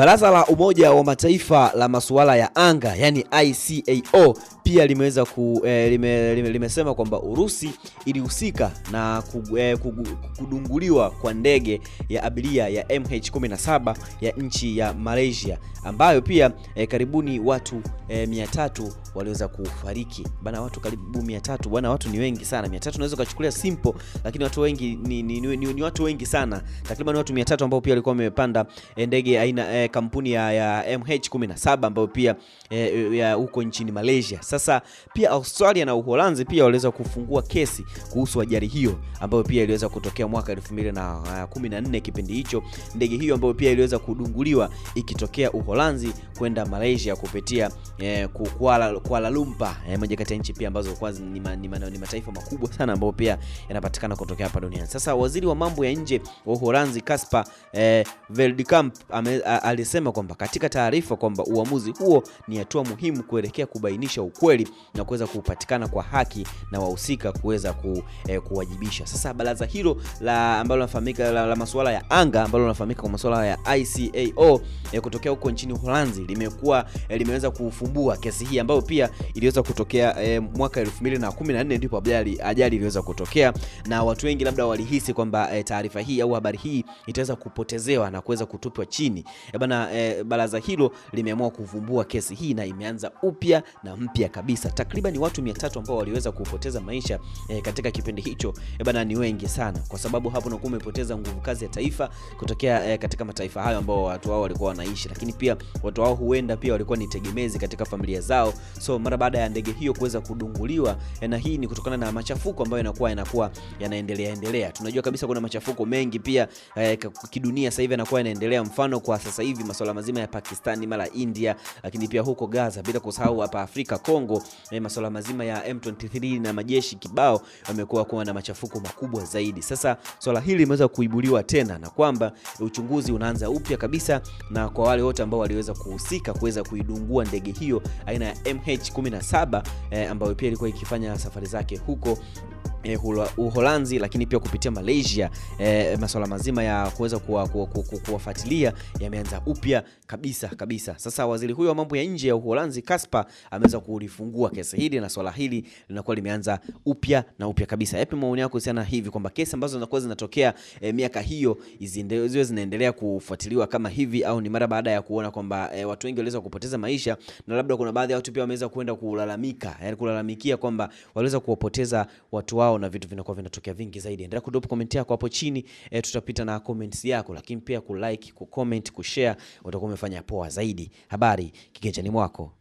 Baraza la Umoja wa Mataifa la masuala ya anga yani ICAO pia limeweza ku, e, lime, lime, limesema kwamba Urusi ilihusika na e, eh, kudunguliwa kwa ndege ya abiria ya MH17 ya nchi ya Malaysia ambayo pia e, karibuni watu eh, mia tatu waliweza kufariki bana, watu karibu tatu bwana, watu ni wengi sana. tatu unaweza ukachukulia simple, lakini watu wengi ni, ni, ni, ni, ni watu wengi sana, takriban watu mia tatu ambao pia walikuwa wamepanda ndege aina e, kampuni ya, ya MH17 ambayo pia eh, huko nchini Malaysia. Sasa pia Australia na Uholanzi pia waliweza kufungua kesi kuhusu ajali hiyo ambayo pia iliweza kutokea mwaka 2014. Kipindi hicho ndege hiyo ambayo pia iliweza kudunguliwa ikitokea Uholanzi kwenda Malaysia kupitia e, Kuala, Kuala Lumpur e, moja kati ya nchi pia ambazo kwa ni, ma, ni, ma, ni mataifa makubwa sana ambayo pia yanapatikana kutokea hapa duniani. Sasa waziri wa mambo ya nje wa Uholanzi Kasper e, Veldkamp alisema kwamba katika taarifa kwamba uamuzi huo ni hatua muhimu kuelekea kubainisha ukweli na kuweza kupatikana kwa haki na wahusika kuweza ku, eh, kuwajibisha. Sasa baraza hilo la ambalo linafahamika la, la masuala ya anga ambalo linafahamika kwa masuala ya ICAO eh, kutokea huko nchini Uholanzi limekuwa eh, limeweza kufumbua kesi hii ambayo pia iliweza kutokea eh, mwaka 2014 ndipo ajali ajali iliweza kutokea, na watu wengi labda walihisi kwamba eh, taarifa hii au habari hii itaweza kupotezewa na kuweza kutupwa chini bana e, baraza hilo limeamua kuvumbua kesi hii na imeanza upya na mpya kabisa. Takriban watu 300 ambao waliweza kupoteza maisha e, katika kipindi hicho e, bana ni wengi sana, kwa sababu hapo nakuwa umepoteza nguvu kazi ya taifa kutokea e, katika mataifa hayo ambao watu wao walikuwa wanaishi, lakini pia watu wao huenda pia walikuwa ni tegemezi katika familia zao. So mara baada ya ndege hiyo kuweza kudunguliwa e, na hii ni kutokana na machafuko ambayo yanakuwa yanakuwa yanaendelea endelea. Tunajua kabisa kuna machafuko mengi pia e, kidunia sasa hivi yanakuwa yanaendelea, mfano kwa sasa hivi, masuala mazima ya pakistani mara India, lakini pia huko Gaza, bila kusahau hapa Afrika Kongo, eh, masuala mazima ya M23 na majeshi kibao wamekuwa kuwa na machafuko makubwa zaidi. Sasa swala hili limeweza kuibuliwa tena na kwamba uchunguzi unaanza upya kabisa, na kwa wale wote ambao waliweza kuhusika kuweza kuidungua ndege hiyo aina ya MH17 eh, ambayo pia ilikuwa ikifanya safari zake huko eh, Uholanzi lakini pia kupitia Malaysia eh, masuala mazima ya kuweza kuwafuatilia yameanza upya kabisa kabisa. Sasa waziri huyo wa mambo ya nje ya Uholanzi Kasper ameweza kulifungua kesi hili na swala hili linakuwa limeanza upya na upya kabisa. Yapi maoni yako kuhusiana hivi kwamba kesi ambazo zinakuwa zinatokea eh, miaka hiyo ziwe zinaendelea kufuatiliwa kama hivi, au ni mara baada ya kuona kwamba eh, watu wengi waliweza kupoteza maisha na labda kuna baadhi ya watu pia wameweza kwenda kulalamika, yani eh, kulalamikia kwamba waliweza kuwapoteza watu wao wao na vitu vinakuwa vinatokea vingi zaidi. Endelea kudrop comment yako hapo chini e, tutapita na comments yako, lakini pia kulike, kucomment, kushare utakuwa umefanya poa zaidi. Habari kiganjani mwako.